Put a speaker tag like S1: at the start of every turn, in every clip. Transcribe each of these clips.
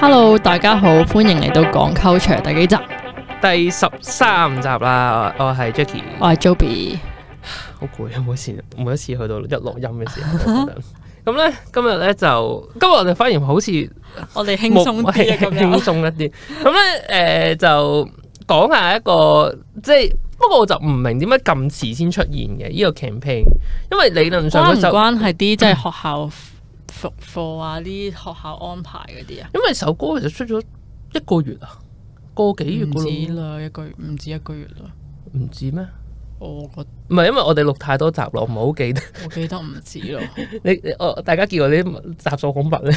S1: Hello，大家好，歡迎嚟到講 culture 第幾集，
S2: 第十三集啦。我係 Jacky，我係 Zobby。好攰呀，每次，每一次去到一錄音嘅時候，咁咧， 今日咧就今日我哋反而好似我哋輕鬆啲，輕鬆目、欸、一啲。咁咧， 誒、呃，就講下一個，即、就、係、是、不過我就唔明點解咁遲先出現嘅呢、這個 campaign，因為理論上關關就關係啲即係學校。嗯
S1: 復課啊！啲學校安排嗰啲啊，因
S2: 為首歌其實出咗一個月啊，個幾月唔止
S1: 啦，一個月唔止一個月啦，唔止咩？我覺
S2: 得唔係，因為我哋錄太多集咯，唔好記得，我
S1: 記得唔止咯。
S2: 你我大家見過啲集數恐怖咧，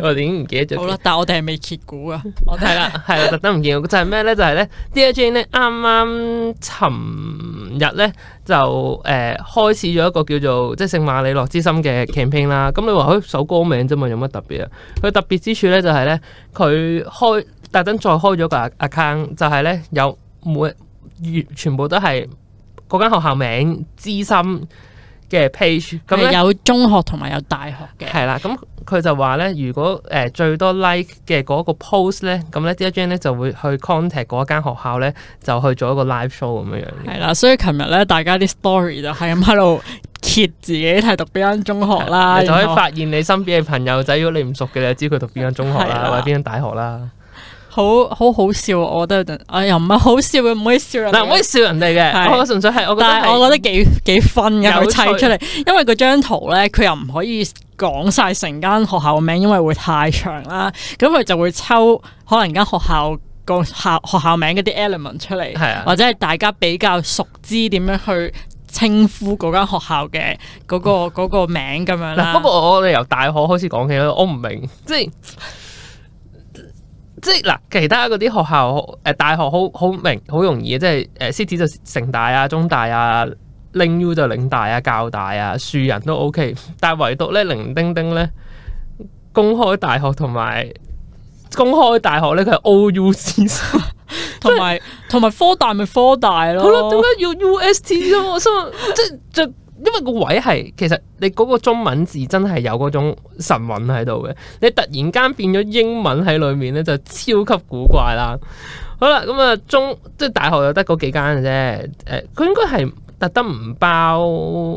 S2: 我點唔記得咗？好啦，但係我哋係未揭股啊，我睇啦係啦，特登唔見就係咩咧？就係咧，DJ 咧啱啱尋日咧。就是呢 D 就誒、呃、開始咗一個叫做即係聖瑪里諾之心嘅 campaign 啦、啊。咁你話佢首歌名啫嘛，有乜特別啊？佢特別之處咧就係、係、咧，佢開特登再開咗個 account，就係咧有每月全部都係嗰間學校名之心嘅 page，咁、嗯、有中學同埋有大學嘅，係啦咁。佢就話咧，如果誒、呃、最多 like 嘅嗰個 post 咧，咁咧 Dylan 咧就會去 contact 嗰一間學校咧，就去做一個 live show 咁樣樣。係啦，所以琴日咧，大家啲 story 就係咁喺度揭自己係讀邊間中學啦， 就可以發現你身邊嘅朋友仔， 如果你唔熟嘅，你就知佢讀邊間中學啦， 的或者邊間大學啦。好
S1: 好好笑、啊，我覺得，我又唔係好笑嘅，唔可以笑人，嗱唔可以笑人哋嘅，係我純粹係我，但係我覺得幾幾分嘅佢砌出嚟，有趣因為嗰張圖咧，佢又唔可以講晒成間學校嘅名，因為會太長啦，咁、嗯、佢就會抽可能間學校個校學校名嗰啲 element 出嚟，啊、或者係大家比較熟知點樣去稱呼嗰間學校嘅嗰、嗰個嗯、個名咁樣啦。不過、嗯、我
S2: 哋由大學開始講起我唔明即係。 即係嗱，其他嗰啲學校，誒、呃，大學好好明，好容易嘅，即係誒，City 就城大啊，中大啊，嶺 U 就嶺大啊，教大啊，樹仁都 OK，但係唯獨咧零丁丁咧，公開大學同埋公開大學咧，佢係 O U 先生，同埋同埋科大咪科大咯 好、啊，好啦， 點解要 U S T 啫嘛，即係因為個位係，其實你嗰個中文字真係有嗰種神韻喺度嘅，你突然間變咗英文喺裏面咧，就超級古怪啦。好啦，咁、嗯、啊中即係大學又得嗰幾間嘅啫，誒、呃，佢應該係特登唔包，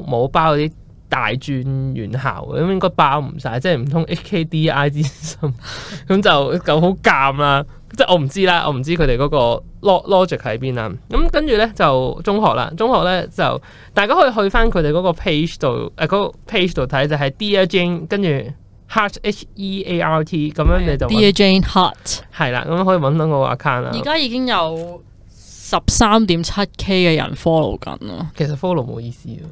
S2: 冇包嗰啲大專院校，咁應該包唔晒，即係唔通 HKDI 之心，咁 就就好尷啦。即係我唔知啦，我唔知佢哋嗰個 log logic 喺邊啦。咁跟住咧就中學啦，中學咧就大家可以去返佢哋嗰個 page 度，誒、呃、嗰、那個 page 度睇就係、是、Dear Jane，跟住 heart H, art, H E A R T，咁樣你就 Dear Jane Heart 係啦，咁可以揾到我個 account 啦。而家
S1: 已經有。
S2: 十三點七 K 嘅人 follow 緊咯，其實 follow 冇意思咯，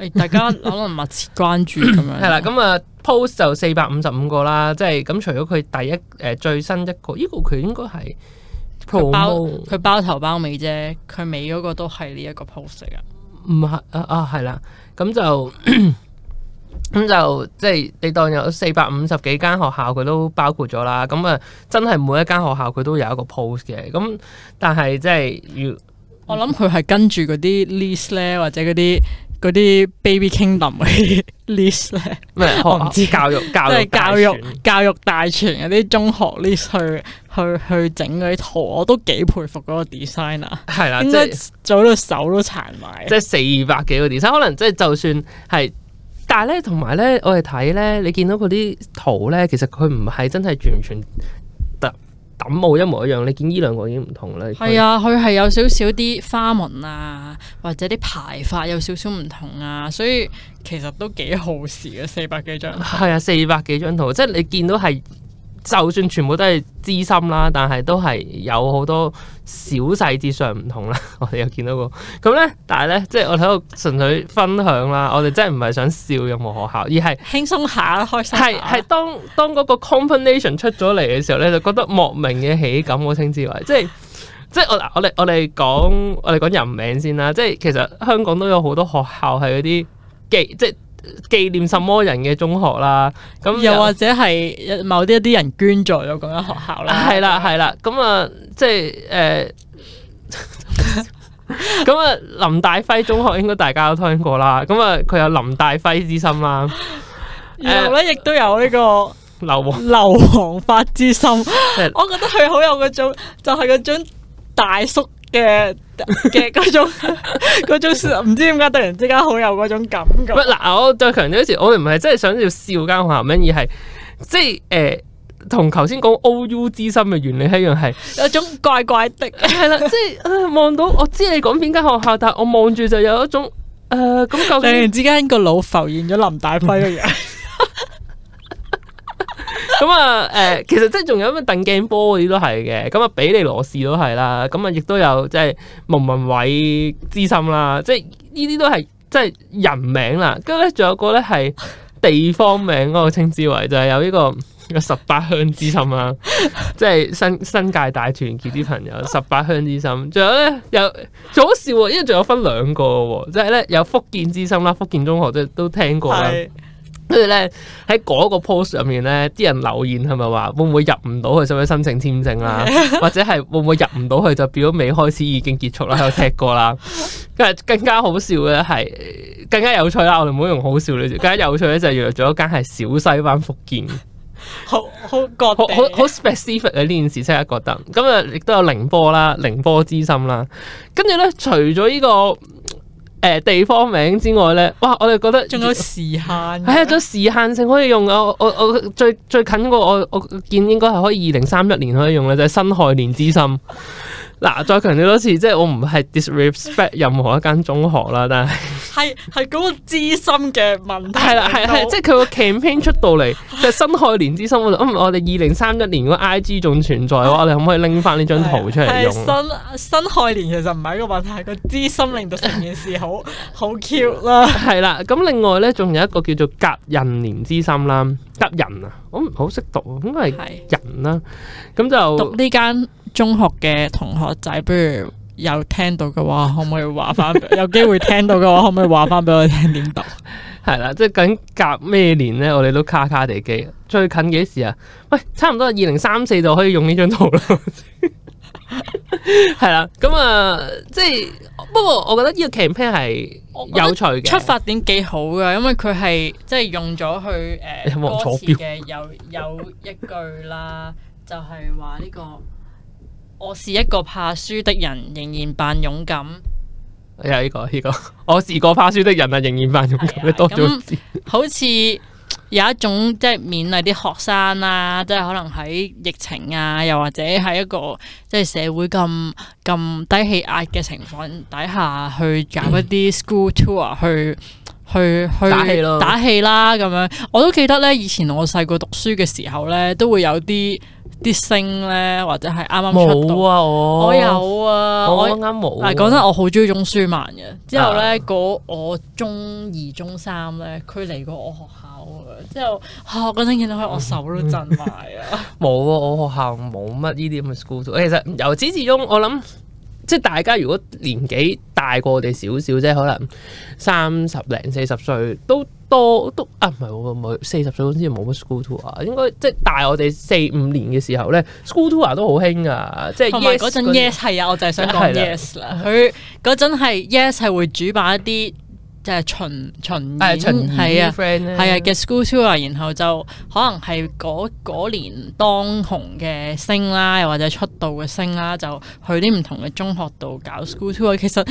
S2: 係 大家可能密切關注咁樣。係啦， 咁啊 post 就四百五十五個啦，即係咁除咗佢第一誒最新一個呢、這個佢應該係包佢
S1: 包頭包尾啫，佢尾嗰個都係呢一個 post 啊，唔係啊
S2: 啊係啦，咁、嗯、就。咁就即係、就是、你當有四百五十幾間學校佢都包括咗啦，咁啊真係每一間學校佢都有一個 post 嘅，咁但係即係要我諗佢係跟住嗰啲 list 咧，
S1: 或者嗰啲嗰啲 baby kingdom 嘅 list 咧，咩我唔知教育教育即係教育教育大全嗰啲 中學 list 去去去整嗰啲
S2: 圖，我都幾佩服嗰個 designer。係啦的，即係是做到手都殘埋。即係四百幾個 design，可能即係就算係。但係咧，同埋咧，我哋睇咧，你見到嗰啲圖咧，其實佢唔係真係完全特抌模一模一樣。你見呢兩個已經唔同啦。係啊，
S1: 佢係有少少啲花紋啊，或者啲排法有少少唔同啊，所以其實都幾耗時嘅，四百幾張。係啊，
S2: 四百幾張圖，即係你見到係。就算全部都係資深啦，但係都係有好多小細節上唔同啦。我哋有見到過，咁 咧，但係咧，即係我哋喺度純粹分享啦。我哋真係唔係想笑任何學校，而係輕鬆下、開心下。係係，當當嗰個 combination 出咗嚟嘅時候咧，就覺得莫名嘅喜感，我稱之為即係即係我嗱，我哋我哋講我哋講人名先啦。即係其實香港都有好多學校係嗰啲，即係。紀念什麼人嘅中學啦，咁又，又或者係某啲一啲人捐助咗嗰間學校啦，係啦係啦，咁啊即係誒，咁啊林大輝中學應該大家都聽過啦，咁啊佢有林大輝之心啦，然後
S1: 咧亦都有呢個
S2: 劉皇發之心，我
S1: 覺得佢好有嗰種，就係、是、嗰種大叔。嘅嘅嗰種種唔 知點解突然之間好有嗰種感覺。 嗱，
S2: 我再強調一次，我哋唔係真係想要笑間學校，唔係而係即係誒，同頭先講 O U 之心嘅原理一樣，係有種怪怪的係啦，即係望到我知你講邊間學校，但係我望住就有一種誒咁，呃、究竟突然之
S1: 間個腦浮現咗林大輝嘅人。
S2: 咁啊，誒、嗯呃，其實即係仲有咩鄧鏡波嗰啲都係嘅，咁啊，庇理羅士都係啦，咁啊，亦都有即係蒙文偉之心啦，即係呢啲都係即係人名啦。跟住咧，仲有個咧係地方名嗰個稱之為就係有呢、呢個十八鄉之心啊，即係新新界大團結啲朋友十八鄉之心。仲 有咧，有，仲好笑，因為仲有分兩個喎，即係咧有福建之心啦，福建中學都都聽過啦。跟住咧喺嗰個 post 入面咧，啲人留言係咪話會唔會入唔到去，使唔使申請簽證啦、啊？ 或者係會唔會入唔到去就表咗未開始已經結束啦？喺度踢過啦，跟住 更加好笑嘅係更加有趣啦！我哋唔好用好笑嚟講，更加有趣咧就係約咗間係小西灣福建， 好好覺得好好 specific 嘅呢件事，即刻覺得咁啊！亦都有寧波啦，寧波之心啦，跟住咧除咗呢、這個。.誒、呃，地方名之外咧，哇！我哋覺得仲有時限，係啊，哎、有時限性可以用啊。我我，我最最近個我我見應該係可以二零三一年可以用啦，就係、是、新概念之心。嗱， 再強調多次，即、就、係、是、我唔係 disrespect 任何一間中學啦，但係。
S1: 係係嗰個資深嘅問題。係啦，係係，
S2: 即係佢個 campaign 出到嚟 就新亥年之心，嗯，我就，我哋二零三一年嗰 IG 仲存在 我哋可唔可以拎翻呢張圖出嚟用？新
S1: 新亥年其實唔係一個問題，個資深令到成件事好
S2: 好 cute 啦。係啦、。 啊，咁另外咧仲有一個叫做隔人年之心啦，吉人啊，我唔好識讀，應該係人啦、啊。咁的就讀呢間中
S1: 學嘅同學仔，比如。有聽到嘅話，可唔可以話翻？
S2: 有機會聽到嘅話，可唔可以話翻俾我聽？點讀？係 啦樂，即係緊夾咩年咧？我哋都卡卡地機，最近幾時啊？喂，差唔多二零三四就可以用呢張圖啦。係 啦，咁啊，即係不過我覺得呢個 campaign 係
S1: 有趣嘅，出發點幾好㗎，因為佢係即係用咗去誒、呃、歌詞嘅有有一句啦，就係話呢個。我是一個怕輸的人，仍然扮勇敢。
S2: 又係呢個呢、這個，我是個怕輸的人啊，仍然扮勇敢。你、啊、多少
S1: 好似有一種即係勉勵啲學生啦、啊，即係可能喺疫情啊，又或者喺一個即係社會咁咁低氣壓嘅情況底下去搞一啲 school tour，、嗯、去去去打氣咯，打氣啦咁樣。我都記得呢，以前我細個讀書嘅時候呢，都會有啲。啲星咧，或者係啱啱出到啊！我我有啊！我啱啱冇。但係嗰陣我好中意鍾舒漫嘅。之後咧，啊、我中二、中三咧，佢嚟過我學校啊。之後吓，嗰陣見到佢，我手都震壞啊！
S2: 冇 啊！我學校冇乜呢啲咁嘅 school，其實由始至終，我諗。即係大家如果年紀大過我哋少少啫，可能三十零四十歲都多都啊，唔係冇四十歲好似冇乜 school tour 啊，應該即係大我哋四五年嘅時候咧，school tour 都好興啊！即係同埋嗰陣 yes 係啊，我就係想講 yes 啦，
S1: 佢嗰陣係 yes 係會主辦一啲。即係巡巡演，係啊爾，係啊嘅 school tour，然後就可能係嗰年當紅嘅星啦，又或者出道嘅星啦，就去啲唔同嘅中學度搞 school tour。其實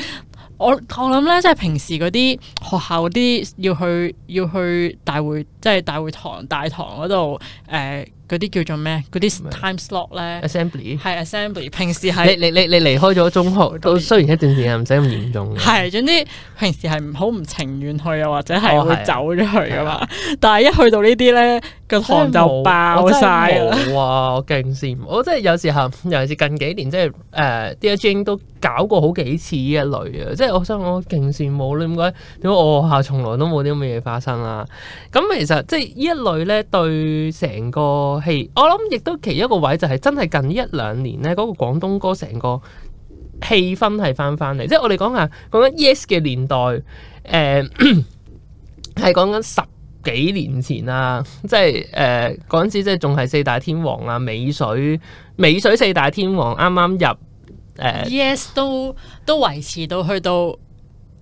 S1: 我我諗咧，即係平時嗰啲學校嗰啲要去要去大會，即係大會堂大堂嗰度誒。呃嗰啲叫做咩？嗰啲 time slot 咧，assembly 係 assembly。啊、平時係你你你
S2: 你離開咗中學，都雖然一段時間唔使咁嚴重。係
S1: 總之平時係唔好唔情願去，又或者係會走咗去噶嘛。哦、但係一去到呢啲咧。
S2: 個糖就爆晒啦！哇，我勁羨，我真係有、啊、 有時候，尤其是近幾年，即係誒，Dear Jane 都搞過好幾次呢一類啊！即係我想我勁羨慕。你點解？點解我學校從來都冇啲咁嘅嘢發生啦、啊？咁其實即係呢一類咧，對成個戲，我諗亦都其中一個位就係真係近一兩年咧，嗰、那個廣東歌成個氣氛係翻翻嚟，即係我哋講下講緊 Yes 嘅年代，誒、呃，係講緊十。幾年前啦、啊，即係誒嗰陣時，即係仲係四大天王啊，美水美水四大天王啱啱入誒。呃、
S1: Yes 都都維持到去到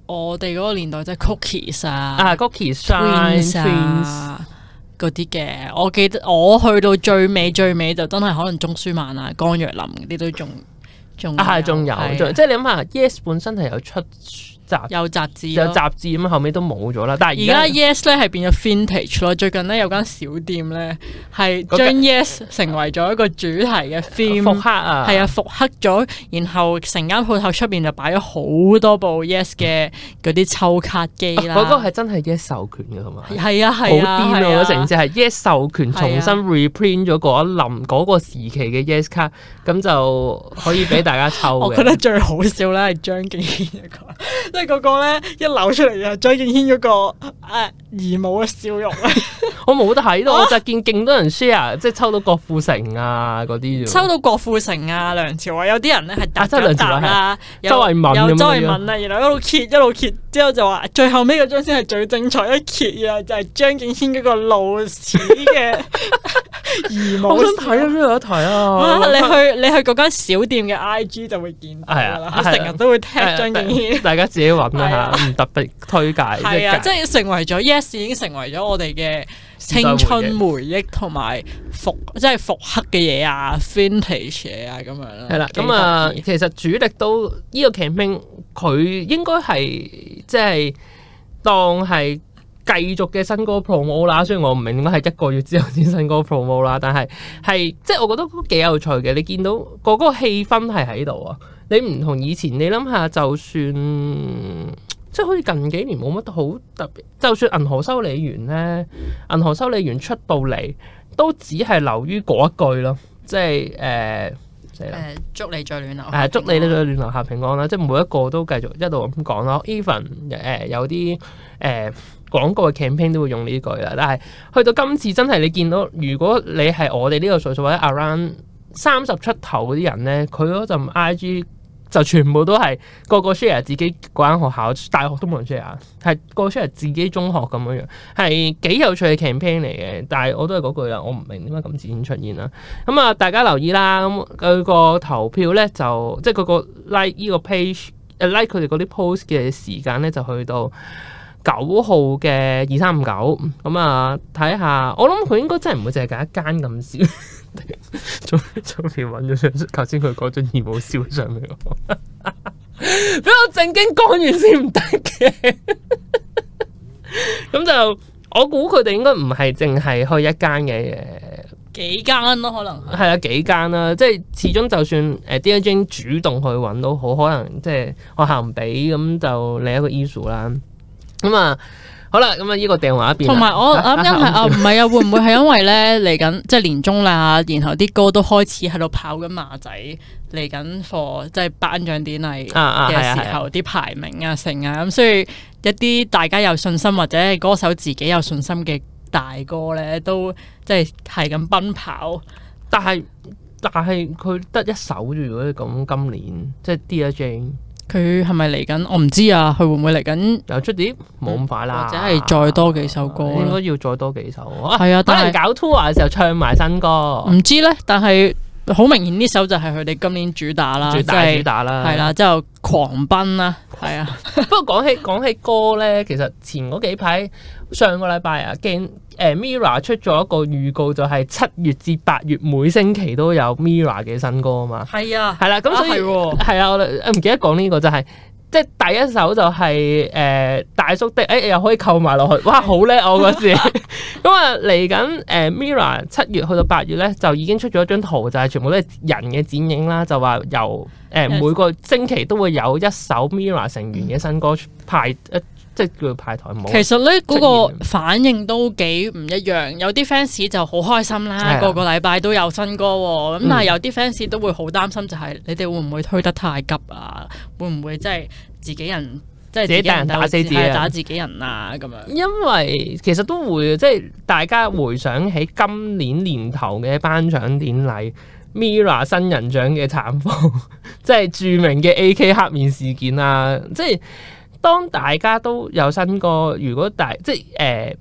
S1: 我哋嗰個年代，即係 cookies 啊啊 cookies 啊嗰啲嘅。我記得我去到最尾最尾就真係可能鍾舒漫啊、江若琳啲都仲
S2: 仲啊，仲有的即係你諗下，Yes 本身係有出。有雜，雜誌，有雜誌咁後尾都冇咗啦。但係而家 Yes
S1: 咧係變咗 Vintage 咯。最近咧有間小店咧係將 Yes 成為咗一個
S2: 主題嘅
S1: Film，、啊、復刻啊，係啊復刻咗，然後成間鋪頭出面就擺咗好多部 Yes 嘅嗰啲抽
S2: 卡機啦。嗰、啊那個係真係 Yes 授權嘅係嘛？係啊係好癲啊！嗰成只係 Yes 授權重新 reprint 咗嗰一林嗰個時期嘅 Yes 卡，咁、啊、就可以俾大家抽。 我覺得最好
S1: 笑咧係張敬軒一個。 即係個咧一流出嚟就張敬軒嗰個誒姨母嘅笑容咧，
S2: 我冇得睇到。我就見勁多人 share，即係抽到郭富城啊嗰啲，抽到郭富城啊梁朝偉，有啲人咧係打打打啊，周慧敏啊，周慧敏啊，然
S1: 後一路揭一路揭，之後就話最後尾嗰張先係最精彩，一揭然後就係張敬軒嗰個露齒嘅
S2: 姨母，好想睇啊，邊有得睇啊？你去
S1: 你去嗰間小店嘅 IG 就會見
S2: 到，係啊，成日都會聽張敬軒，大家自己揾啦吓，唔特別推介，係啊，即係
S1: 成為咗已經成為咗我哋嘅青春回憶同埋複即係複刻嘅嘢啊，vintage 嘢啊咁樣啦。係啦，咁啊，
S2: 其實主力都呢個 campaign 佢應該係即係當係繼續嘅新歌 promo 啦。雖然我唔明點解係一個月之後先新歌 promo 啦，但係係即係我覺得都幾有趣嘅。你見到嗰個氣氛係喺度啊，你唔同以前。你諗下，就算。即係好似近幾年冇乜好特別，就算銀河修理員咧，銀河修理員出到嚟都只係流於嗰一句咯，即係誒誒祝你再亂流，誒祝你呢再亂流下平安啦，即係每一個都繼續一路咁講咯。Even 誒有啲誒廣告嘅 campaign 都會用呢句啦，但係去到今次真係你見到，如果你係我哋呢個歲數或者 around 三十出頭嗰啲人咧，佢嗰陣 IG。就全部都係個個 share 自己嗰間學校大學都冇人 share，係個個 share 自己中學咁樣樣，係幾有趣嘅 campaign 嚟嘅。但係我都係嗰句啦，我唔明點解咁自然出現啦。咁、嗯、啊，大家留意啦，咁、那、佢個投票咧就即係嗰個 like 呢個 page，like 佢哋嗰啲 post 嘅時間咧就去到。九號嘅二三五九，咁啊睇下，我諗佢應該真係唔會淨係揀一間咁少，早仲似揾咗上，頭先佢講咗二五少上去。俾 我正經講完先唔得嘅。咁 就我估佢哋應該唔係淨係開一間嘅，啊啊，
S1: 幾間咯可能
S2: 係啊幾間啦，即係始終就算誒，deal n、G、主動去揾都好，可能即係學校唔俾，咁就另一個 issue 啦。咁、嗯這個、啊，好啦，咁啊，呢個定埋一邊。同埋我啱啱係啊，唔係
S1: 啊，會唔會係因為咧嚟緊即係年終啦？然後啲歌都開始喺度跑緊馬仔，嚟緊 for 即係頒獎典禮嘅時候啲排名啊、成啊，咁所以一啲大家有信心或者歌手自己有信心嘅大歌咧，都
S2: 即係係咁奔跑。但係但係佢得一首啫，如果咁今年即係 DJ。J 佢係咪嚟緊？我唔知啊，佢會唔會嚟緊？又出碟？冇咁快啦，或者係再
S1: 多幾首歌，應該
S2: 要再多幾首。係啊，可能、啊、是搞
S1: tour 嘅時候唱埋新歌。唔知咧，但係好明顯呢首就係佢哋今年主打啦，最大主打啦，係啦、就是，之後狂奔啦，係
S2: 奔啊。 不過講起講起歌咧，其實前嗰幾排，上個禮拜啊，驚。Uh, Mira 出咗一個預告，就係七月至八月每星期都有 Mira 嘅新歌啊嘛。係啊，係啦，咁所以係啊，我哋唔記得講呢個就係，即係第一首就係、是、誒、呃、大叔的，誒、哎、又可以扣埋落去，哇，好叻的我嗰時。咁啊， 嚟緊誒 Mira 七月去到八月咧，就已經出咗一張圖，就係、是、全部都係人嘅剪影啦，就話由誒、呃、Yes. 每個星期都會有一首 Mira 成員嘅新歌排、mm. 即係叫派台冇。其實
S1: 咧，嗰個反應都幾唔一樣。有啲 fans 就好開心啦，個個禮拜都有新歌喎。咁但係有啲 fans 都會好擔心，就係你哋
S2: 會唔會推得太急啊？會唔會即係
S1: 自己人？即係自己打人打死自己，打自己人啊咁樣。
S2: 因為其實都會，即係大家回想起今年年頭嘅頒獎典禮，Mira 新人獎嘅慘況，即係著名嘅 AK 黑面事件啊，即係。當大家都有新歌，如果大即係誒、呃、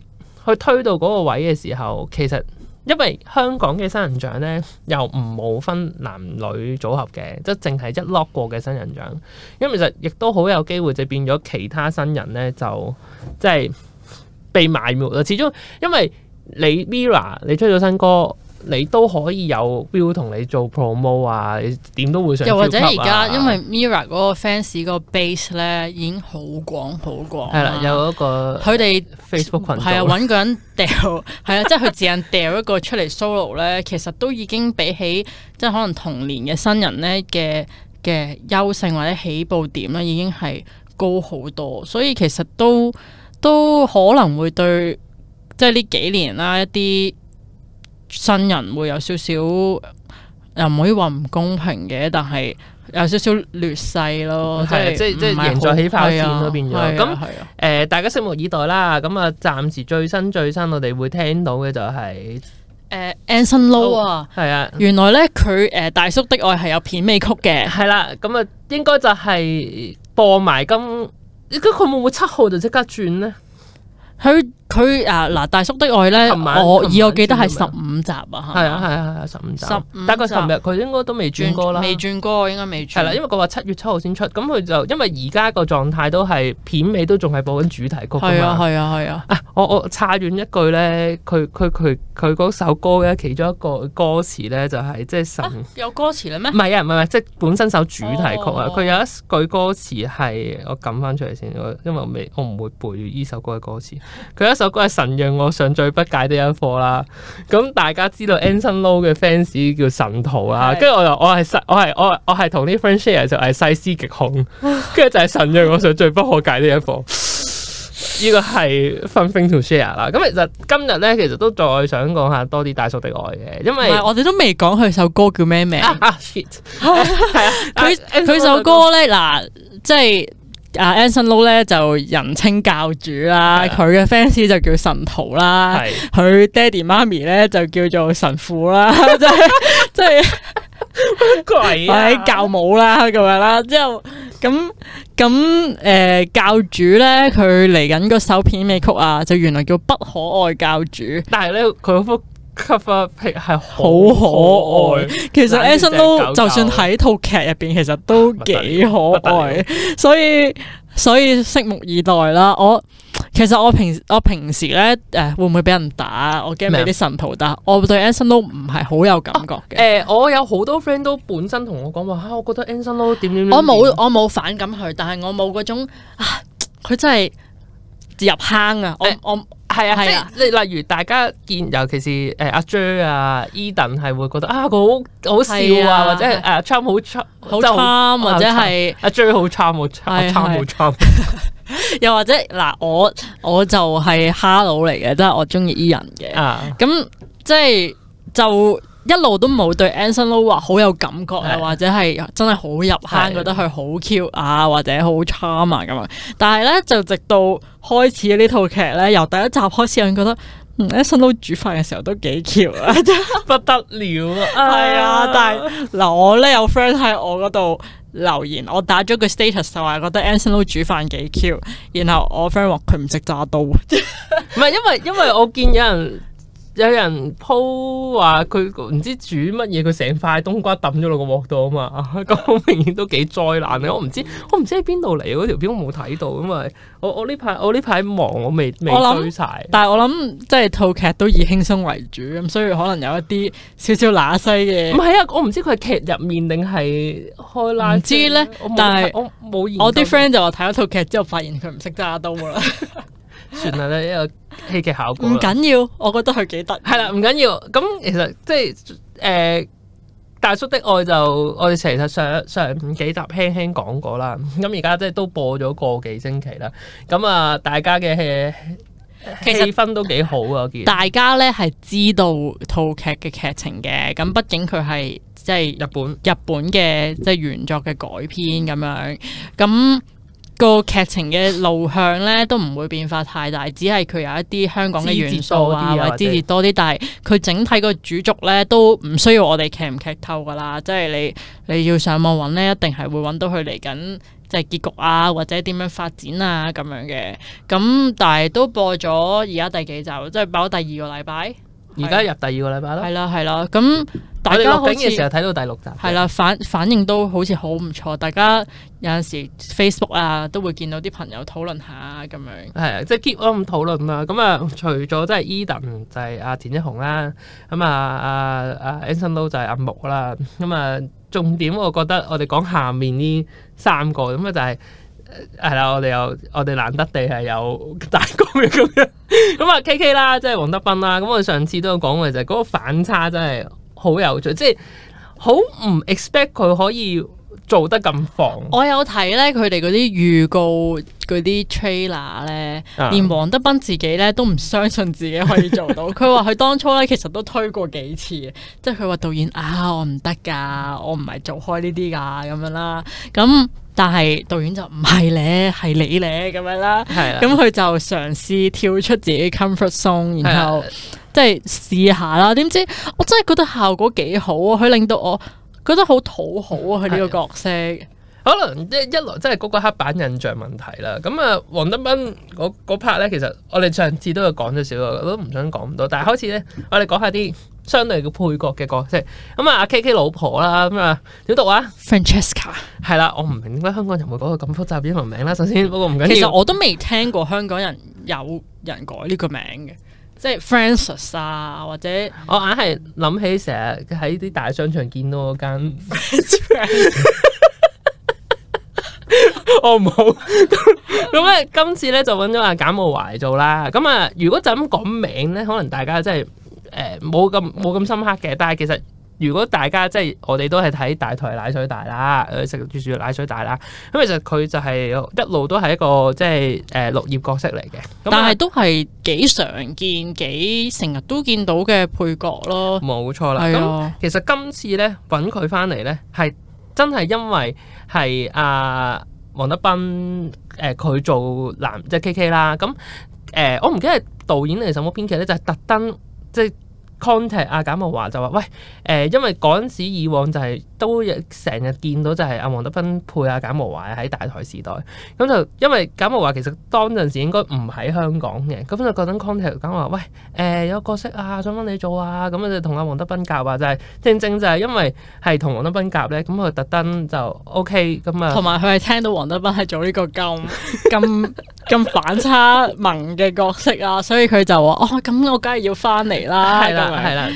S2: 去推到嗰個位嘅時候，其實因為香港嘅新人獎咧又唔冇分男女組合嘅，即係淨係一 lock 過嘅新人獎，因咁其實亦都好有機會就變咗其他新人咧就即係被埋沒啦。始終因為你 Mirror 你出咗新歌。你都可以有標同你做 promo 啊，你點都會上。又或者而家因
S1: 為 Mira 嗰個 fans 個 base 咧已經好廣好廣。係啦，有
S2: 一個佢哋們 Facebook 群，係啊，揾個
S1: 人掉，係啊，即係佢自然掉一個出嚟 solo 咧，其實都已經比起即係可能同年嘅新人咧嘅嘅優勝或者起步點咧，已經係高好多。所以其實都都可能會對即係呢幾年啦一啲。新人會有少少又唔可以話唔公平嘅，但係
S2: 有少少劣勢咯，的即係是即係即係贏在起跑線咯，變咗咁。誒那、呃，大家拭目以待啦。咁啊，暫時最新最新我哋會聽到嘅就係
S1: 誒 Anson Lo 啊，
S2: 係啊的。原來咧佢誒，大叔的愛係有片尾曲嘅，係啦。咁、嗯、啊，應該就係播埋今，咁佢會唔會七號就即刻轉呢？
S1: 佢。佢啊嗱，大叔的愛咧，晚我以我記得係十五集晚係係啊，係啊係
S2: 啊，十五集，大概十日佢應該都未轉歌啦，未轉
S1: 歌應該未轉。係啦，因為佢
S2: 話七月七號先出，咁佢就因為而家個狀態都係片尾都仲係播緊主題曲㗎嘛。係啊係啊係啊，啊！我我插遠一句咧，佢佢佢佢嗰首歌嘅其中一個歌詞咧就係、係、即係、啊、
S1: 有歌詞啦
S2: 咩？唔係啊唔係唔係即係本身首主題曲啊，佢、哦哦、有一句歌詞係我撳翻出嚟先，因為我未我唔會背呢首歌嘅歌詞，佢一。首歌係神讓我上最不解的一課啦，咁大家知道 Anson Lo 嘅 fans 叫神徒啦，跟住是我又我係我係我我係同啲 friend share 就係細思極恐，跟住 就係神讓我上最不可解的一課，呢、這個係 fun thing to share 啦。咁其實今日咧，其實都再想講下多啲大叔的愛嘅，因為我哋都未講佢首歌叫咩名，啊 shit 係啊，
S1: 佢佢首歌咧嗱，即係。阿 Anson Lo 咧就人稱教主啦，佢嘅 fans 就叫神徒啦，佢爹哋媽咪咧就叫做神父啦，即係即係鬼啊， 教母啦咁樣啦，之後咁咁誒教主咧佢嚟緊個首片尾曲啊，就原來叫不可愛教主，但係咧佢幅。吸法皮係好可，可愛，其實 Anson Lo 就算喺套劇入邊，其實都幾可愛，所以所以拭目以待啦。我其實我平我平時咧誒、呃、會唔會俾人打？我驚俾啲神徒打。麼我對 Anson Lo 唔係好有感覺嘅、啊呃。
S2: 我有好多 friend 都本身同我講話吓，我覺
S1: 得 Anson Lo 點點點。我冇我冇反感佢，但係我冇嗰種啊，佢真
S2: 係入坑啊！我、欸、我。係啊，即係例如大家見，尤其是誒阿 Joe 啊、Eden 係會覺得啊，佢好好笑啊，或者係誒 Trump 好差好差，啊、或者係阿 Joe 好差冇差，是是啊 Trump、好差冇
S1: 差。又或者嗱，我我就係哈佬嚟嘅，即係我中意啲人嘅。咁即係就。一路都冇對 Anson Lo 話好有感覺啊，的或者係真係好入坑，的覺得佢好 Q 啊，或者好 charm 啊咁樣。但係咧，就直到開始呢套劇咧，由第一集開始，我覺得 Anson、嗯、 Lo 煮飯嘅時候都幾 Q 啊， 不得
S2: 了啊！係 啊，但係
S1: 嗱，我咧有 friend 喺我嗰度留言，我打咗個 status 就話覺得 Anson Lo 煮飯幾 Q，然後我 friend 話佢唔識揸刀 ，
S2: 唔係因為因為我見有人。 有人 po 話佢唔知煮乜嘢，佢成塊冬瓜抌咗落個鑊度啊嘛，咁、啊啊、明顯都幾災難咧。我唔知，我唔知喺邊度嚟，嗰條片我冇睇到啊嘛。我我呢排我呢排忙，我未未追晒。但係我諗，即係套劇都以輕鬆為主，咁所
S1: 以可能有一啲少少乸西嘅。唔係 啊，我唔知佢係劇入面定係
S2: 開拉之咧。但係是我冇，我啲 friend
S1: 就話睇咗套劇之後，發現佢唔識揸刀啦。
S2: 算係咧一個戲劇效果。唔緊要，我覺得佢幾得。係啦，唔緊要。咁其實即係誒，大叔的愛就我哋其實上上幾集輕輕講過啦。咁而家即係都播咗個幾星期啦。咁啊，大家嘅氣氛都幾好啊。實我見 大家咧係知道
S1: 套劇嘅劇情嘅。咁畢竟佢係即係日本日本嘅即係原作嘅改編咁樣咁。嗯個劇情嘅路向咧都唔會變化太大，只係佢有一啲香港嘅元素啊，一或者枝節多啲，但係佢整體個主軸咧都唔需要我哋劇唔劇透噶啦，即係你你要上網揾咧，一定係會揾到佢嚟緊即係結局啊，或者點樣發展啊咁樣嘅。咁但係都播咗而家第幾集？即係播咗第二個禮拜。
S2: 而家入第二個禮拜啦。係啦，
S1: 係啦，咁。大家好嘅時候睇到第六集，係啦，反反應都好似好唔錯。大家有陣時 Facebook 啊，都會見到啲朋友討論下
S2: 咁樣。係啊，即係 keep on 討論啊。咁啊，除咗即係 Eden 就係阿田一雄啦，咁啊阿阿 Anson 就係阿木啦。咁啊，重點我覺得我哋講下面呢三個咁啊，就係係啦。我哋有我哋難得地係有大哥咁樣。咁啊，K K 啦，即係黃德斌啦。咁我上次都有講嘅就係嗰個反差真係。好有趣，即係好唔 expect 佢可以做得咁放。
S1: 我有睇咧，佢哋嗰啲預告、嗰啲 trailer 咧，啊、連黃德斌自己咧都唔相信自己可以做到。佢話佢當初咧其實都推過幾次，即係佢話導演啊，我唔得噶，我唔係做開呢啲噶咁樣啦。咁但係導演就唔係咧，係你咧咁樣啦。係啦的，咁佢就嘗試跳出自己 comfort zone，然後，即係試下啦，點知我真係覺得效果幾好啊！佢令到我覺得好討好啊！佢呢個角
S2: 色，可能即係一來真係嗰個刻板印象問題啦。咁啊，黃德斌嗰 part 咧，其實我哋上次都有講咗少少，我都唔想講咁多。但係開始咧，我哋講下啲相對嘅配角嘅角色。咁啊，阿 K K 老婆啦，咁啊，點讀啊？Francesca 係啦，我唔明點解香港人會改到咁複雜英文名啦。首先，不過唔緊要，其實我
S1: 都未聽過香港人有人改呢個名嘅。即係 Francis 啊，
S2: 或者 我硬係諗起成日喺啲大商場見到嗰間，我唔好咁咧。今次咧就搵咗阿簡慕華嚟做啦。咁啊，如果就咁講名咧，可能大家真係誒冇咁冇咁深刻嘅，但係其實。如果大家即係我哋都係睇大台奶水大啦，食住住奶水大啦，咁其實佢就係、是、一路都係一個即係誒綠葉角色嚟嘅，嗯、但係都係幾常見、幾成日都見到嘅配角咯。冇錯啦，咁、啊嗯、其實今次咧搵佢翻嚟咧，係真係因為係阿黃德斌誒佢、呃、做男即係、就是、K K 啦，咁、嗯、誒、呃、我唔記得導演係什麼編劇咧，就係特登即係。即 contact 阿簡慕華就話：喂，誒、欸，因為嗰陣時以往就係、是、都成日見到就係阿黃德斌配阿簡慕華喺大台時代，咁就因為簡慕華其實當陣時應該唔喺香港嘅。咁就嗰陣 contact 簡慕華，喂，誒、欸，有個角色啊，想揾你做啊，咁就同阿黃德斌夾話就係正正就係因為係同黃德斌夾咧，咁佢特登就 O K 咁啊，同埋佢
S1: 係聽到黃德斌係做呢個咁
S2: 咁咁反差
S1: 萌嘅角色啊，所以佢就話：哦，咁我梗係要翻嚟啦，係啦。
S2: 係啦，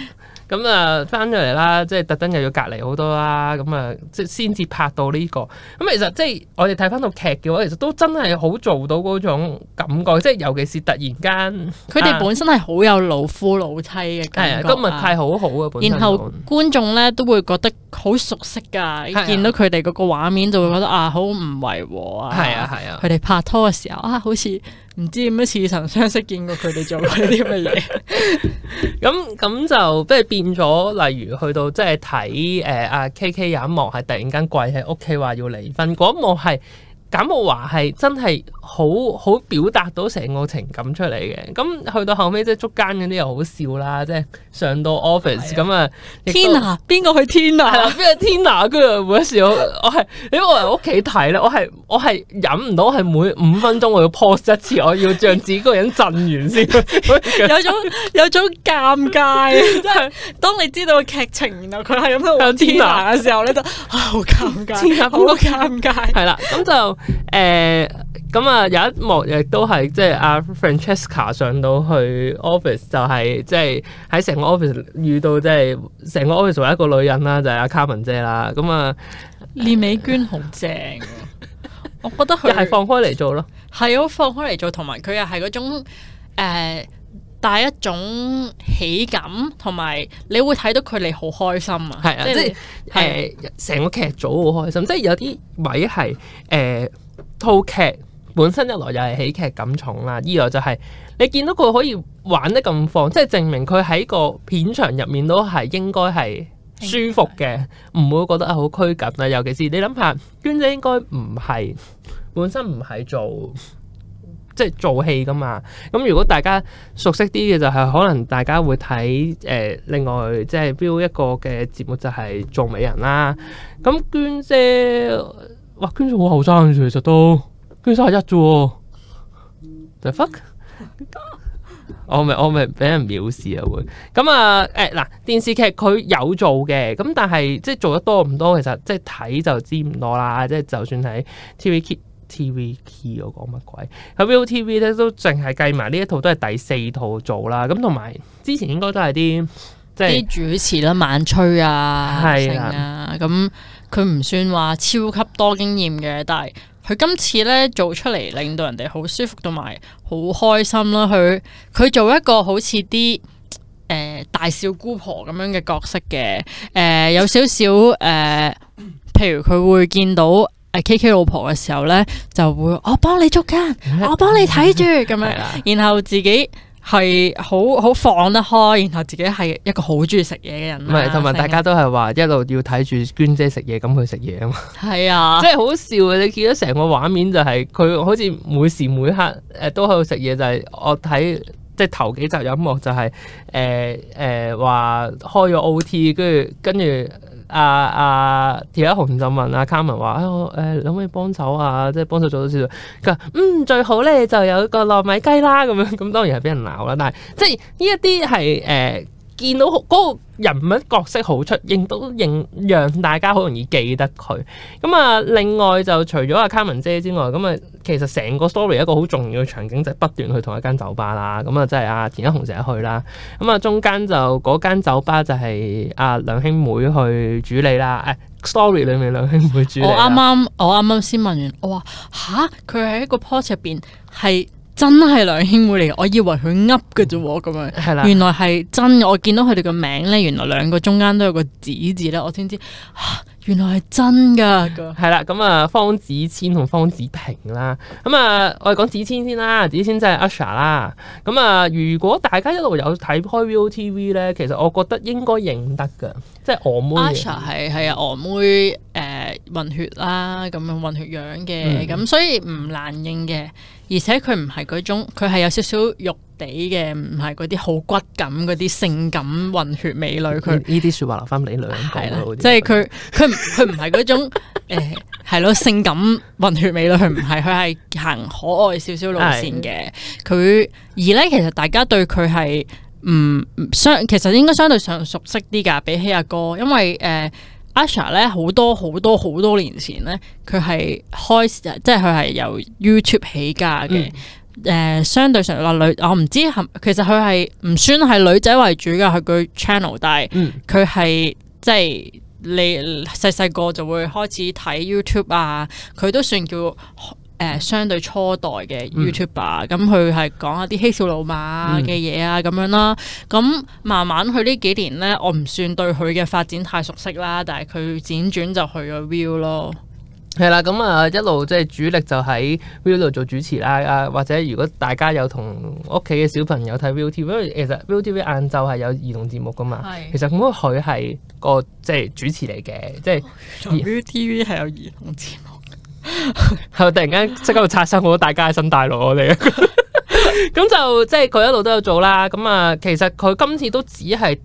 S2: 咁啊翻咗嚟啦，即係特登又要隔離好多啦，咁啊即係先至拍到呢個。咁其實即係我哋睇翻套劇嘅話，其實都真係好做到嗰種感覺，即係尤其是突然間，佢哋本身
S1: 係好有老夫老妻嘅，係都今日太好
S2: 好嘅。本身然後
S1: 觀眾咧都會覺得好熟悉噶，的見到佢哋嗰個畫面就會覺得啊好唔違和啊，係啊係啊，佢哋拍拖嘅時候啊，好似。唔知點樣似曾相識，見過佢哋做過啲乜嘢？
S2: 咁 咁 就即係變咗，例如去到即係睇誒阿 KK 有一幕係突然間跪喺屋企話要離婚，嗰 一幕係。簡慕華係真係好好表達到成個情感出嚟嘅，咁、嗯、去到後尾，即係捉奸嗰啲又好笑啦，即係上到 office 咁啊！都天,天啊，邊個去天啊？係啦， 邊個天啊？跟住每時我我係因為我喺屋企睇咧，我係我係忍唔到，係每五分鐘我要 post 一次，我要將自己個人完 震完先， 有種有種尷尬，即係
S1: 當你知道劇情然後佢係咁樣好天啊嘅 時
S2: 候咧說，就啊好尷尬，好尷尬，係啦咁就。誒，咁、uh, 啊，有一幕亦都係即係阿、啊、Francesca 上到去 office，就係、是、即係喺成個 office 遇到即係成個 office 唯一一個女人啦，就係、是、阿 Carmen 姐啦。咁啊，練、嗯、美
S1: 娟好正、啊， 我覺得佢係放開嚟做咯， 係咯放開嚟做，同埋佢又係嗰種誒。呃帶一種喜感，同埋你會睇到佢哋好開心啊！係啊，即係誒，
S2: 成個劇組好開心。即係有啲位係誒、呃，套劇本身一來又係喜劇感重啦，二來就係你見到佢可以玩得咁放，即係證明佢喺個片場入面都係應該係舒服嘅，唔會覺得好拘謹啊。尤其是你諗下，娟姐應該唔係本身唔係做。即係做戲噶嘛，咁如果大家熟悉啲嘅就係可能大家會睇誒，另外即係表一個嘅節目就係《造美人》啦。咁娟姐，哇，娟姐好後生，其實都娟卅一啫，就 fuck，我咪我咪俾人藐視啊！會咁啊？誒嗱，電視劇佢有做嘅，咁但係即係做得多唔多，其實即係睇就知唔多啦。即係就算喺 TVB。TVK 我講乜鬼？喺 ViuTV 咧，都淨係計埋呢一套都係第四套做啦。咁同埋之前應該都係啲即
S1: 係主持啦，晚吹啊，係啊，成啊，咁佢唔算話超級多經驗嘅，但係佢今次咧做出嚟，令到人哋好舒服，同埋好開心啦。佢佢做一個好似啲誒大少姑婆咁樣嘅角色嘅，誒、呃、有少少誒、呃，譬如佢會見到。KK 老婆嘅時候呢，就會我幫你捉奸，麼我幫你睇住咁樣，然後自己係好好放得開，然後自己係一個好
S2: 中意食嘢嘅人。唔係，同埋大家都係話一路要睇住娟姐食嘢，咁去食嘢啊嘛。係是啊， 真係好笑啊。你見到成個畫面就係、是、佢好似每時每刻誒都喺度食嘢，就係、是、我睇即係頭幾集音樂就係誒誒話開咗 OT，跟住跟住。啊，阿、啊、馳一雄就問阿、啊、卡文話：誒我誒可唔可以幫手啊？即係幫手做到少少。佢話：嗯，最好咧就有一個糯米雞啦。咁樣，咁當然係俾人鬧啦。但係即係呢一啲係誒。呃見到嗰個人物角色好出，認都認讓大家好容易記得佢。咁啊，另外就除咗阿卡文姐之外，咁啊，其實成個 story 一個好重要嘅場景就係不斷去同一間酒吧啦。咁啊，即係阿田一雄成日去啦。咁啊，中間就嗰間酒吧就係阿兩兄妹去主理啦。誒、哎、story 裡面兩兄妹主理。我啱
S1: 啱我啱啱先問完，我話吓？佢喺個 plot 入邊係。真係兩兄妹嚟嘅，我以為佢噏嘅啫喎，咁樣，原來係真。我見到佢哋嘅名咧，原來兩個中間都有個子字咧，我先知，原來係真嘅。係
S2: 啦，咁啊，方子千同方子平啦，咁、嗯、啊，我哋講子千先啦，子千即係阿 Sa 啦。咁啊，如果大家一路有睇開 ViuTV 咧，其實我覺得應該認得嘅，即係阿妹，妹，阿 Sa
S1: 係係啊，阿妹混血啦，啊，咁樣混血樣嘅，咁、嗯嗯、所以唔難認嘅，而且佢唔係嗰種，佢係有少少肉地嘅，唔係嗰啲好骨感嗰啲性感混血美
S2: 女。佢呢啲說話留翻你兩個人，即係
S1: 佢佢佢唔係嗰種誒，係、欸、咯，性感混血美女佢唔係，佢係行可愛少少路線嘅。佢是的 而咧，其實大家對佢係唔相，其實應該相對上熟悉啲噶，比起阿哥，哥，哥，因為誒。呃阿莎咧好多好多好多年前咧，佢係開始即係佢係由 YouTube 起家嘅。誒、嗯呃，相對上個、呃、女，我唔知其實佢係唔算係女仔為主嘅，係佢 channel，但係佢係即係你細細個就會開始睇 YouTube 啊，佢都算叫。誒，相對初代嘅 YouTuber，咁佢係、嗯、講一啲嬉笑老馬嘅嘢啊，咁樣啦。咁慢慢佢呢幾年咧，我唔算對佢嘅發展太熟悉啦。但係佢輾轉就去咗 Viu 咯。
S2: 係啦，咁啊一路即係主力就喺 Viu 度做主持啦。啊，或者如果大家有同屋企嘅小朋友睇 Viu TV，因為其實 Viu TV 晏晝係有兒童節目㗎嘛。其實咁佢係個即係主持嚟嘅，即係的 Viu TV 係有兒童節目。係 突然間即刻度刷新好多大家嘅新大陸，我哋， 咁就即係佢一路都有做啦。咁啊，其實佢今次都只係第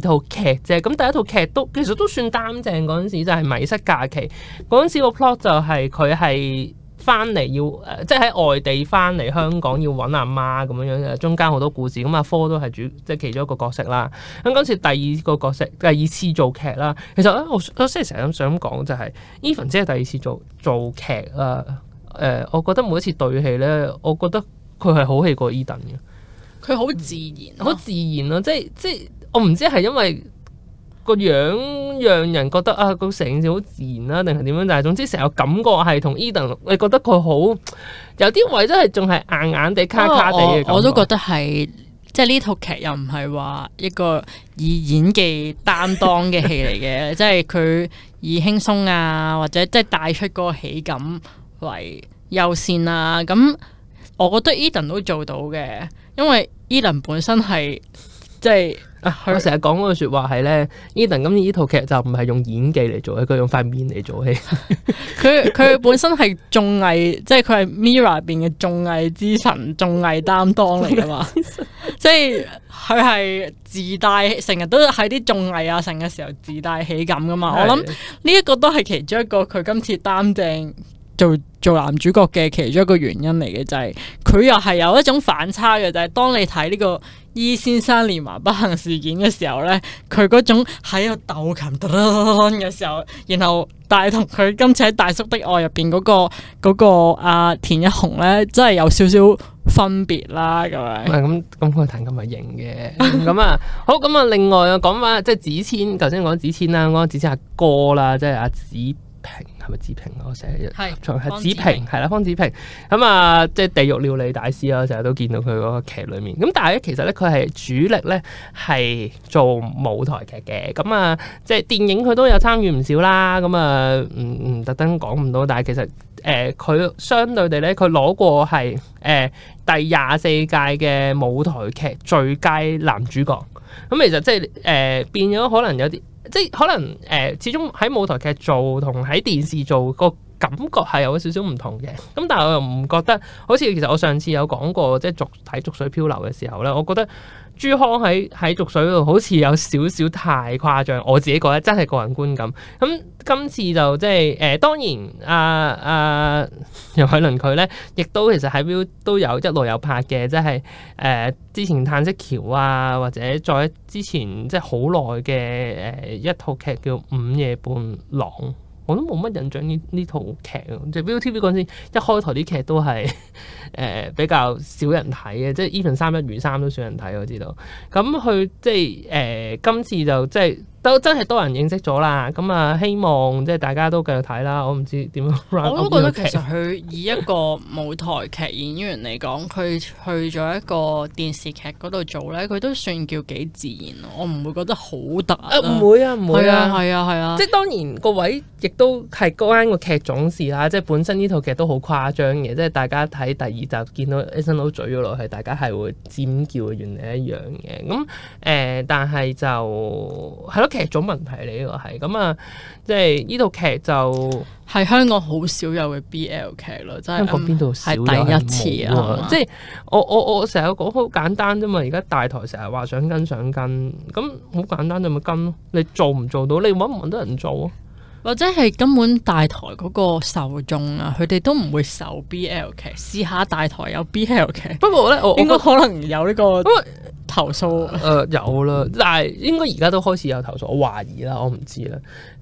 S2: 二套劇啫。咁第一套劇都其實都算擔正嗰陣時就係、是《迷失假期》嗰陣時個 plot 就係佢係。翻嚟要誒，即係喺外地翻嚟香港要揾阿媽咁樣樣嘅，中間好多故事咁啊。科都係主即係其中一個角色啦。咁嗰次第二個角色第二次做劇啦，其實咧我我真係成日咁想講就係、是、Evan 即係第二次做做劇啦。誒、呃，我覺得每一次對戲咧，我覺得佢係好戲過伊頓嘅，佢好自然、啊，好自然咯、啊。即係即係我唔知係因為。個樣讓人覺得啊，個成件事好自然啦，定係點樣？但係總之，成個感覺係同 Edan，你覺得佢好有啲位真係仲係硬硬地、卡卡地嘅、哦。我都覺得係，即係呢套劇又唔係話一個以
S1: 演技擔當嘅戲嚟嘅， 即係佢以輕鬆啊，或者即係帶出嗰個喜感為優先啦。咁我覺得 Edan 都做到嘅，因為 Edan 本身係即係。就是
S2: 啊！我成日講嗰句說話係咧，Eden 咁呢套劇就唔係用演技嚟做嘅，佢用塊面嚟做戲。
S1: 佢 佢 本身係綜藝，即係佢係 Mirror 入邊嘅綜藝之神、綜藝擔當嚟噶嘛。即係佢係自帶，成日都喺啲綜藝啊成嘅時候自帶喜感噶嘛。的我諗呢一個都係其中一個佢今次擔正。做做男主角嘅其中一個原因嚟嘅，就係佢又係有一種反差嘅，就係當你睇呢個伊先生連環不幸事件嘅時候咧，佢嗰種喺度鬥琴哆嘅時候，然後但係同佢今次喺大叔的愛入邊嗰個嗰個阿田一雄咧，真係有少少分
S2: 別啦咁。咁樣咁咁佢彈咁咪型嘅，咁啊好咁啊，另外又講翻即係子千，頭先講子千啦，講子千阿哥啦，即係阿子。 是是平，係咪子平我成日做係子平，係啦 方子平咁啊，嗯，即係地獄料理大師啦，成日都見到佢嗰個劇裏面。咁但係咧，其實咧佢係主力咧係做舞台劇嘅。咁，嗯，啊，即係電影佢都有參與唔少啦。咁，嗯，啊、唔，嗯，唔特登講唔到。但係其實誒，佢，呃，相對地咧，佢攞過係誒、呃、第廿四屆嘅舞台劇最佳男主角。咁，嗯、其實即係誒、呃、變咗，可能有啲。即係可能誒、呃，始終喺舞台劇做同喺電視做個感覺係有少少唔同嘅，咁但係我又唔覺得，好似其實我上次有講過，即係逐睇《濁水漂流》嘅時候咧，我覺得朱康喺喺《濁水》度好似有少少太誇張，我自己覺得真係個人觀感。咁今次就即係誒、呃，當然啊啊楊海倫佢咧，亦、呃呃、都其實喺 Viu 都有一路有拍嘅，即係誒、呃、之前《嘆息橋》啊，或者再之前即係好耐嘅誒一套劇叫《午夜伴郎》。我都冇乜印象呢呢套劇啊，即、就、係、是、ViuTV 嗰陣時一開台啲劇都係誒、呃、比較少人睇嘅，即係 Even 三一如三都少人睇我知道。咁、嗯、佢即係誒、呃、今次就即係。都真係多人認識咗啦，咁、嗯、啊希望即係大家都繼續睇啦。我唔知點樣。我都覺得其實佢
S1: 以一個舞台劇演員嚟講，佢 去咗一個電視劇嗰度做咧，佢都算叫幾自然。我唔會覺得好
S2: 突。啊唔會啊唔會。係啊係啊係啊！啊啊啊即係當然個位亦都係嗰間個劇種事啦。即係本身呢套劇都好誇張嘅，即係大家睇第二集見到 Eason 嘴咗落去，大家係會尖叫嘅，原來一樣嘅。咁、嗯、誒、呃，但係就係咯。劇種問題嚟、呢個係，咁啊，即係呢套劇就係香港好少有嘅 BL 劇咯，真係香港邊度係第一次啊！嗎即係我我我成日講好簡單啫嘛，而家大台成日話想跟想跟，咁好簡單就咪跟咯，你做唔做到？你揾唔揾到人做啊？
S1: 或者係根本大台嗰個受眾啊，佢哋都唔會受 BL 劇試下大台有 BL 劇不過咧，我應該該
S2: 可能有呢個，因為投訴。誒，有啦，但係應該而家都開始有投訴，我懷疑啦，我唔知啦。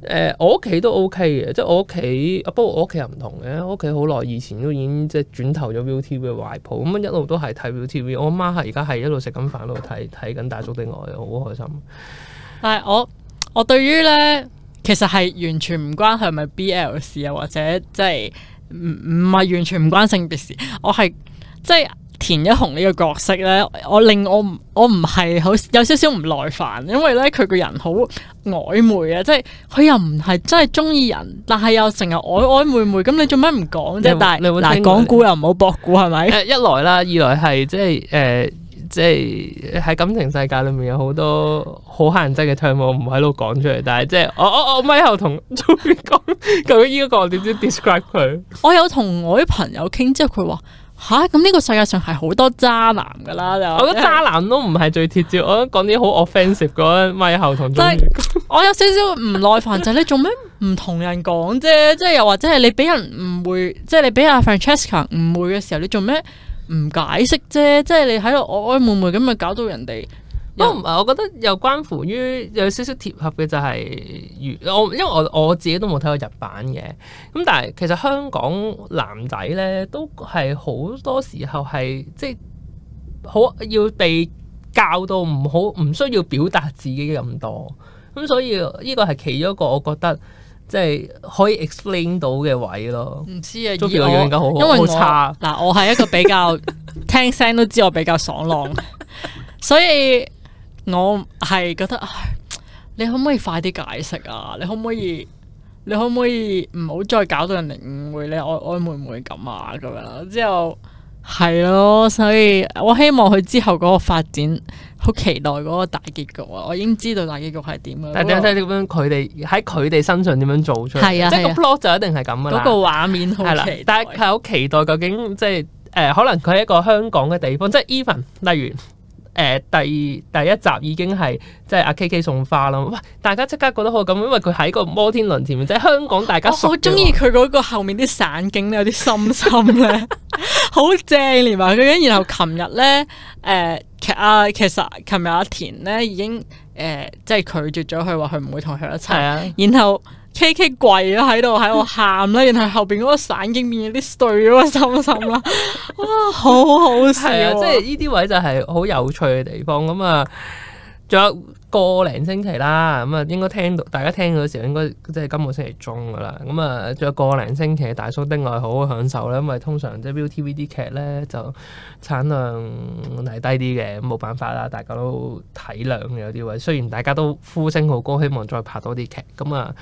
S2: 誒、呃，我屋企都 OK 嘅，即係我屋企、啊，不過我屋企又唔同嘅，我屋企好耐以前都已經即係轉投咗 ViuTV 嘅懷抱，咁一路都係睇 ViuTV。我阿媽係而家係一路食緊飯一路，睇睇緊《大叔的愛》，好開心。但係我我對於咧。其實係完全唔關係，咪 B L 事啊，或
S1: 者即係唔唔係完全唔關性別事。我係即係田一雄呢個角色咧，我令我我唔係好有少少唔耐煩，因為咧佢個人好曖昧啊，即係佢又唔係真係中意人，但係又成日曖曖昧昧，咁 你做咩唔講啫？又但係是嗱，講
S2: 古又唔好博古係咪？ 一來啦，二來係即係誒。呃即係喺感情世界裏面有好多好乞人憎嘅 t e 我唔喺度講出嚟，但係即係我我我咪后同做邊講，究竟依個我點知 describe 佢？
S1: 我有同我啲朋友傾之後，佢話吓咁呢個世界上係好多渣男噶啦。我覺得渣男
S2: 都唔係最貼切。我講啲好 offensive 嗰咪后同做
S1: 邊我有少少唔耐煩就係你做咩唔同人講啫？即係又或者係你俾人誤會，即係 你俾阿 Francesca 誤會嘅時候，你做咩？唔解釋啫，即係你喺度曖曖昧昧咁，咪搞到人哋。
S2: 不過唔係，我覺得又關乎於有少少貼合嘅就係如，我因為我我自己都冇睇過日版嘅。咁但係其實香港男仔咧，都係好多時候係即係好要被教到唔好，唔需要表達自己咁多。咁所以呢個係其中一個，我覺得。即係可以 explain 到嘅位咯，唔知啊，中意我養狗好好，好我差。嗱，我係一個比較 聽聲
S1: 都知我比較爽朗， 所以我係覺得，唉，你可唔可以快啲解釋啊？你可唔可以？你可唔可以唔好再搞到人哋誤會你愛愛妹妹咁啊？咁樣之後。係咯，所以我希望佢之後嗰個發展，好期待嗰個大結局啊！我已經知道大結
S2: 局係點樣。但係睇點樣佢哋喺佢哋身上點樣做出嚟，即係個 plot 就一定係咁噶嗰個畫面好，係啦，但係佢好期待究竟即係誒，可能佢係一個香港嘅地方，即係 even 例如。誒、呃、第第一集已經係即係阿 K K 送花啦，哇！大家即刻覺得好感，因為佢喺個摩天輪前面，即係香港大家。我好鍾意佢嗰個後面啲散景咧，有啲深深咧，好 正，連埋佢。跟然後琴
S1: 日咧，誒、呃，阿其實琴日阿田咧已經誒，即係拒絕咗佢，話佢唔會同佢一齊。啊，呃、係係嘅然後。K K 跪啦喺度，喺度喊啦，然後後邊嗰個傘已經有啲碎咗，心心啦，哇，好好笑啊！即係
S2: 呢啲位就係好有趣嘅地方。咁啊，仲有個零星期啦，咁啊，應該聽到大家聽到嘅時候，應該即係今個星期中㗎喇。咁啊，仲有個零星期，大叔的愛好好享受啦，因為通常即係 Viu TV 啲劇咧就產量係低啲嘅，咁冇辦法啦，大家都體諒嘅有啲位。雖然大家都呼聲好高，希望再拍多啲劇，咁啊。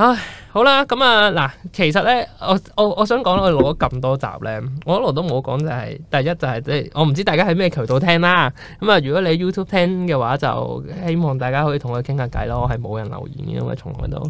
S2: 唉，好啦，咁啊嗱，其實咧，我我我想講啦，我攞咗咁多集咧，我一路都冇講就係、是，第一就係即係我唔知大家喺咩渠道聽啦。咁、嗯、啊，如果你 YouTube 聽嘅話，就希望大家可以同我傾下偈咯。我係冇人留言嘅，因為從來都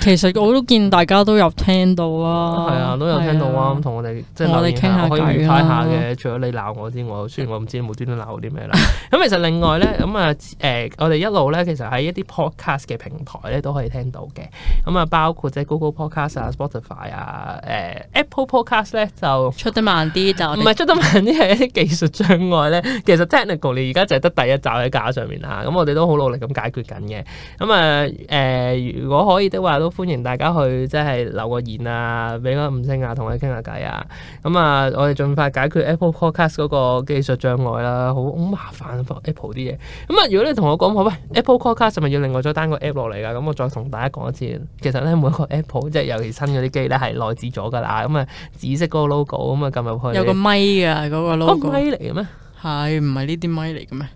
S2: 其實我都見大家都有聽到啊，係啊、啊，都有聽到啊，咁同、啊、我哋即係留言，我可以愉快下嘅。啊、除咗你鬧我之外，雖然我唔知無端端鬧我啲咩啦。咁、 嗯、其實另外咧，咁啊誒，我哋一路咧，其實喺一啲 podcast 嘅平台咧都可以聽到嘅。咁、嗯、啊。嗯嗯嗯包括即係 Google Podcast 啊、Spotify 啊、誒、欸、Apple Podcast 咧就出得慢啲，就唔係出得慢啲，係 一啲技術障礙咧。其實 technically 而家就係得第一集喺架上面啊。咁我哋都好努力咁解決緊嘅。咁啊誒，如果可以的話，都歡迎大家去即係留個言啊，俾個五星啊，同我傾下偈啊。咁啊，我哋盡快解決 Apple Podcast 嗰個技術障礙啦，好好麻煩、啊、Apple 啲嘢。咁啊，如果你同我講話喂 Apple Podcast 係咪要另外再 down 個 app 落嚟㗎？咁我再同大家講一次，其實。咧每一個 Apple 即係尤其新嗰啲機咧係內置咗㗎啦，咁、嗯、啊紫色嗰個 logo，咁啊撳入去有個咪啊
S1: 嗰、嗰個 logo 咪嚟嘅咩？係唔係呢啲咪嚟嘅咩？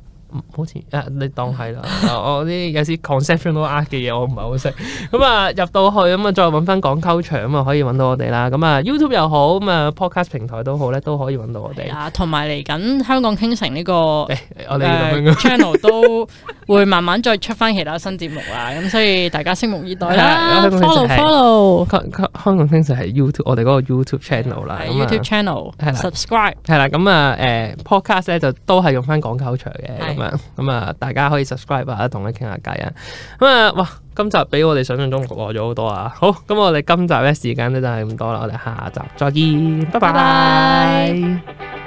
S1: 好似啊，你當係啦、
S2: 呃，我啲有啲 conceptual art 嘅嘢，我唔係好識。咁、呃、啊，入到去咁、嗯嗯、啊，再搵翻港溝場啊，可以搵到我哋啦。咁啊，YouTube 又好，咁啊 podcast 平台都好咧，都可以搵到我哋。啊，
S1: 同埋嚟緊香港傾城呢、這個、欸、我哋、uh, channel 都會慢慢再出翻其他新節目啦。咁 所以大家拭目以待啦。Follow, follow
S2: 香港傾城係 Follow, follow, YouTube，我哋嗰個 YouTube channel 啦。Uh, so YouTube channel sub、呃、scribe 係啦。咁啊，誒 podcast 咧就都係用翻港溝場嘅。咁啊、嗯，大家可以 subscribe 啊，同我哋傾下偈啊。咁、嗯、啊，哇，今集比我哋想象中耐咗好多啊。好，咁我哋今集咧時間咧就係咁多啦，我哋下集再見，拜拜。Bye bye